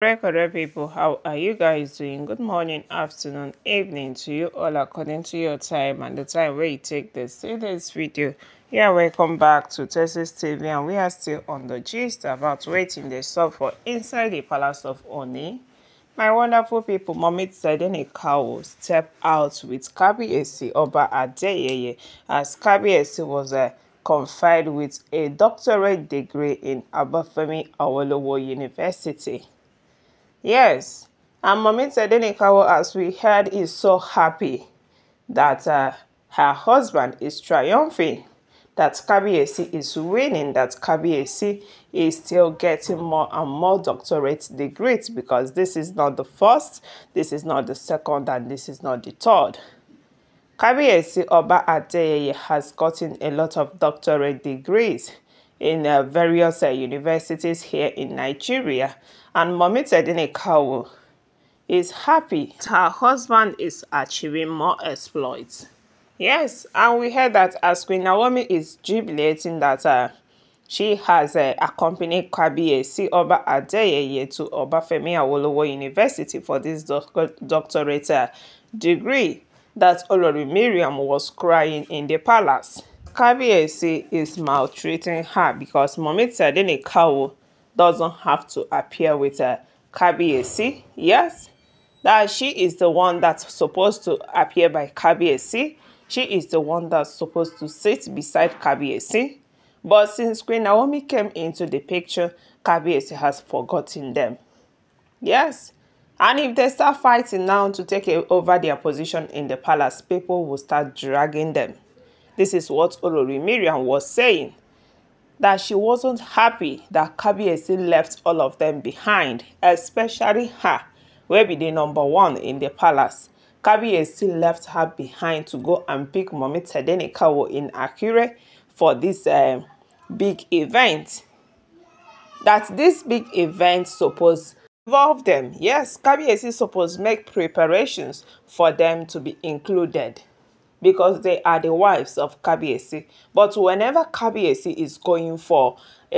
Recorder people, how are you guys doing? Good morning, afternoon, evening to you all according to your time and the time where you take this see this video. Yeah, welcome back to Texas TV and we are still on the gist about waiting the stuff for inside the palace of Oni. My wonderful people, Mommy Cow will step out with Kabiesi Oba Adeyeye as Kabi Esi was a uh, confined with a doctorate degree in Abafemi Awolowo University. Yes, and Mommy Tedininkawo, as we heard, is so happy that uh, her husband is triumphing, that Kabiesi is winning, that Kabiesi is still getting more and more doctorate degrees because this is not the first, this is not the second, and this is not the third. Kabiesi Oba Adeyeye has gotten a lot of doctorate degrees in uh, various uh, universities here in Nigeria. And Mommy Tedinekawo is happy her husband is achieving more exploits. Yes, and we heard that as Queen Naomi is jubilating that uh, she has uh, accompanied Kabiyesi Oba Adeyeye to Obafemi Awolowo University for this doc doctorate uh, degree that Olori Miriam was crying in the palace. Kabiyesi is maltreating her because Mummy Tadenikawo doesn't have to appear with uh, Yes, that she is the one that's supposed to appear by Kabiyesi. She is the one that's supposed to sit beside Kabiyesi. But since Queen Naomi came into the picture, Kabiyesi has forgotten them. Yes. And if they start fighting now to take over their position in the palace, people will start dragging them. This is what Olori Miriam was saying that she wasn't happy that Kabiesi left all of them behind, especially her, where be the number one in the palace. Kabiesi left her behind to go and pick Mommy Tedenikawo in Akure for this um, big event. That this big event supposed involve them. Yes, Kabiesi supposed make preparations for them to be included because they are the wives of Kabiesi. But whenever Kabiesi is going for uh,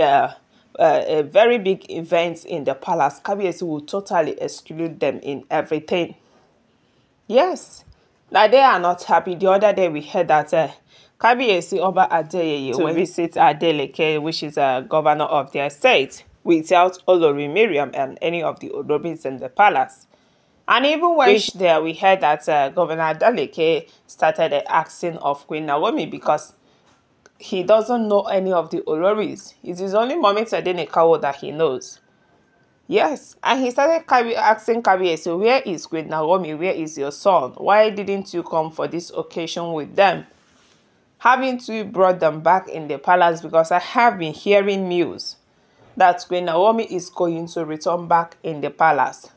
uh, a very big event in the palace, Kabiesi will totally exclude them in everything. Yes, now they are not happy. The other day we heard that uh, Kabiesi Oba Adeyeye to visit Adeleke, which is a uh, governor of their state, without Olori Miriam and any of the Odobis in the palace. And even when we there, we heard that uh, Governor Daleke started the asking of Queen Naomi because he doesn't know any of the Oloris. It is only Mommy Tedinikawo that he knows. Yes, and he started asking Kabi, so where is Queen Naomi? Where is your son? Why didn't you come for this occasion with them? Having to brought them back in the palace? Because I have been hearing news that Queen Naomi is going to return back in the palace.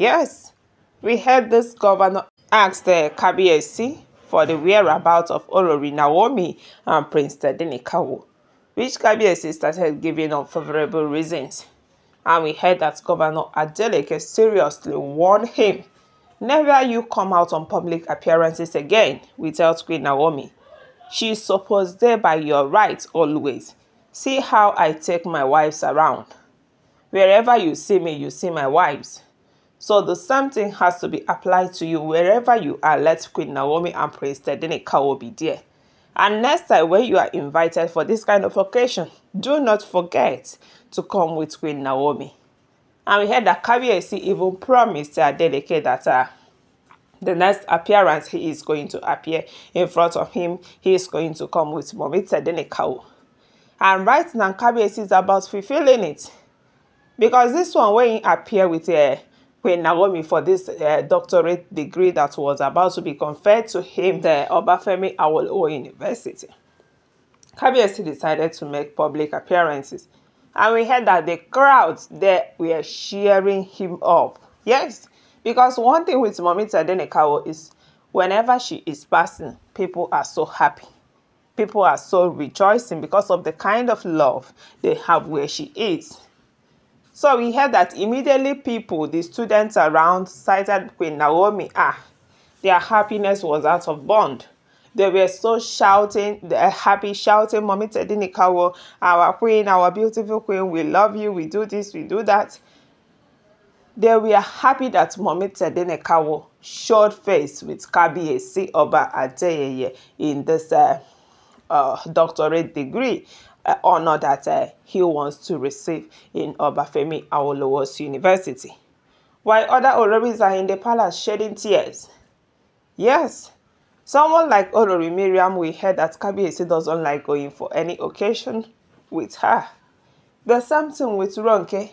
Yes, we heard this governor ask the KBSC for the whereabouts of Orori Naomi and Prince Tedinikawo, which KBSC started giving unfavorable reasons. And we heard that Governor Adeleke seriously warned him, never you come out on public appearances again without Queen Naomi. She is supposed there by your right always. See how I take my wives around. Wherever you see me, you see my wives. So the same thing has to be applied to you wherever you are. Let Queen Naomi and Prince Tedenika will be there. And next time when you are invited for this kind of occasion, do not forget to come with Queen Naomi. And we heard that Kabiesi even promised to dedicate that uh, the next appearance he is going to appear in front of him, he is going to come with Mommy Tedenikao. And right now, Kabiesi is about fulfilling it. Because this one, when he appear with a uh, Queen Naomi for this uh, doctorate degree that was about to be conferred to him at Obafemi Awolowo University. Kabiyesi decided to make public appearances and we heard that the crowds there were cheering him up. Yes, because one thing with Mommy Tadenekawo is whenever she is passing, people are so happy. People are so rejoicing because of the kind of love they have where she is. So we heard that immediately people, the students around, cited Queen Naomi. Ah, their happiness was out of bond. They were so shouting, they eh, happy, shouting, Mommy Tedinikawo, our queen, our beautiful queen, we love you, we do this, we do that. They were happy that Mommy Tedinikawo showed face with over Oba day in this uh, uh, doctorate degree honor uh, that uh, he wants to receive in Obafemi Awolowo's University. While other Oloris are in the palace shedding tears. Yes, someone like Olori Miriam we heard that Kabiyesi doesn't like going for any occasion with her. There's something with Ronke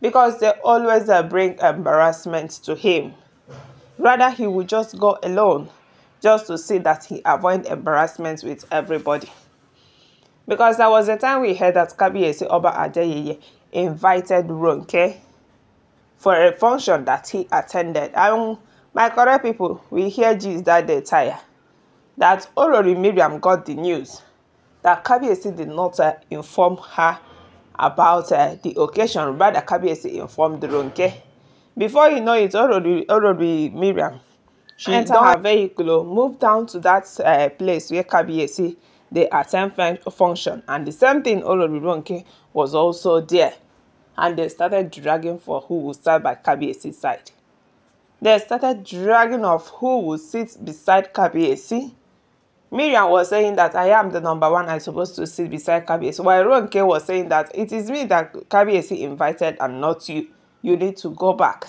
because they always uh, bring embarrassment to him. Rather, he would just go alone just to see that he avoid embarrassment with everybody. because there was a time we heard that Kabiyesi Oba Adeyeye invited Ronke for a function that he attended. And my correct people, we hear gist that they tire that Olori Miriam got the news that Kabiyesi did not uh, inform her about uh, the occasion, rather Kabiyesi informed Ronke. Before you know it, Olori, Olori Miriam, she entered her vehicle, moved down to that uh, place where Kabiyesi the attend function. And the same thing, Olorunke was also there. And they started dragging for who would start by Kabiesi's side. They started dragging of who would sit beside Kabiesi. Miriam was saying that I am the number one I'm supposed to sit beside Kabiesi, while Ronke was saying that it is me that Kabiesi invited and not you. You need to go back.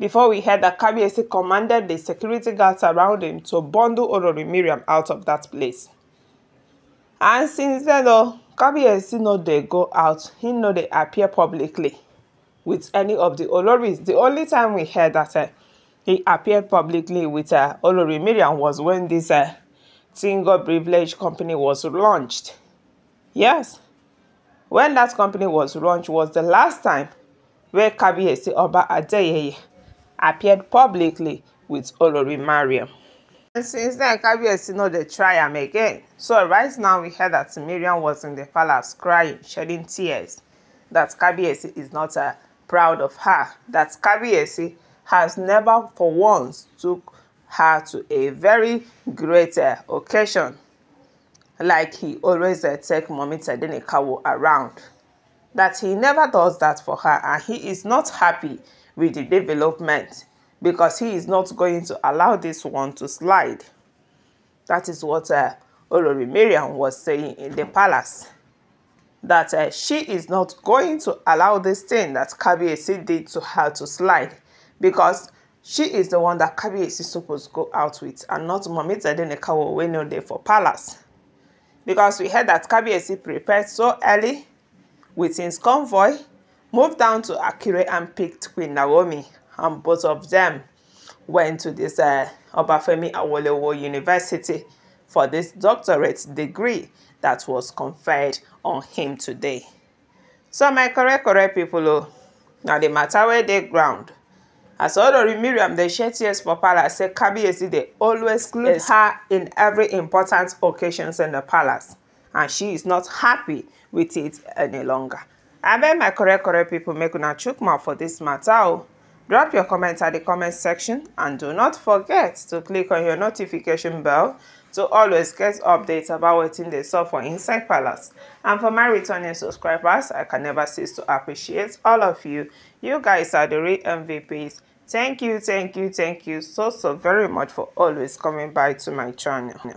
Before we heard that Kabiesi commanded the security guards around him to bundle Orori Miriam out of that place. And since then, though, Kabiyesi no they go out, he no they appear publicly with any of the Oloris. The only time we heard that uh, he appeared publicly with uh, Olori Mariam was when this uh, Tingo Privilege Company was launched. Yes, when that company was launched was the last time where Kabiyesi Oba Adeyeye appeared publicly with Olori Mariam. And since then, Kabiyesi not the try him again. So right now, we hear that Miriam was in the palace crying, shedding tears, that Kabiyesi is not uh, proud of her, that Kabiyesi has never for once took her to a very great uh, occasion, like he always uh, take Mommy Tadenikawo around, that he never does that for her and he is not happy with the development because he is not going to allow this one to slide. That is what uh, Olori was saying in the palace. That uh, she is not going to allow this thing that Kabiesi did to her to slide because she is the one that Kabiesi is supposed to go out with and not Mami Zedinekawo when you're there for palace. Because we heard that Kabiesi prepared so early with his convoy, moved down to Akire and picked Queen Naomi and both of them went to this uh, Obafemi Awolowo University for this doctorate degree that was conferred on him today. So my correct correct people oh, now the matter where they ground. As Olori Mariam dey shed tears for palace said, Kabiyesi they always include yes. her in every important occasions in the palace and she is not happy with it any longer. I abeg my correct correct people make una chukma for this matter. o oh. Drop your comments at the comment section and do not forget to click on your notification bell to always get updates about what's in the store for Inside Palace. And for my returning subscribers, I can never cease to appreciate all of you. You guys are the real MVPs. Thank you, thank you, thank you so, so very much for always coming by to my channel.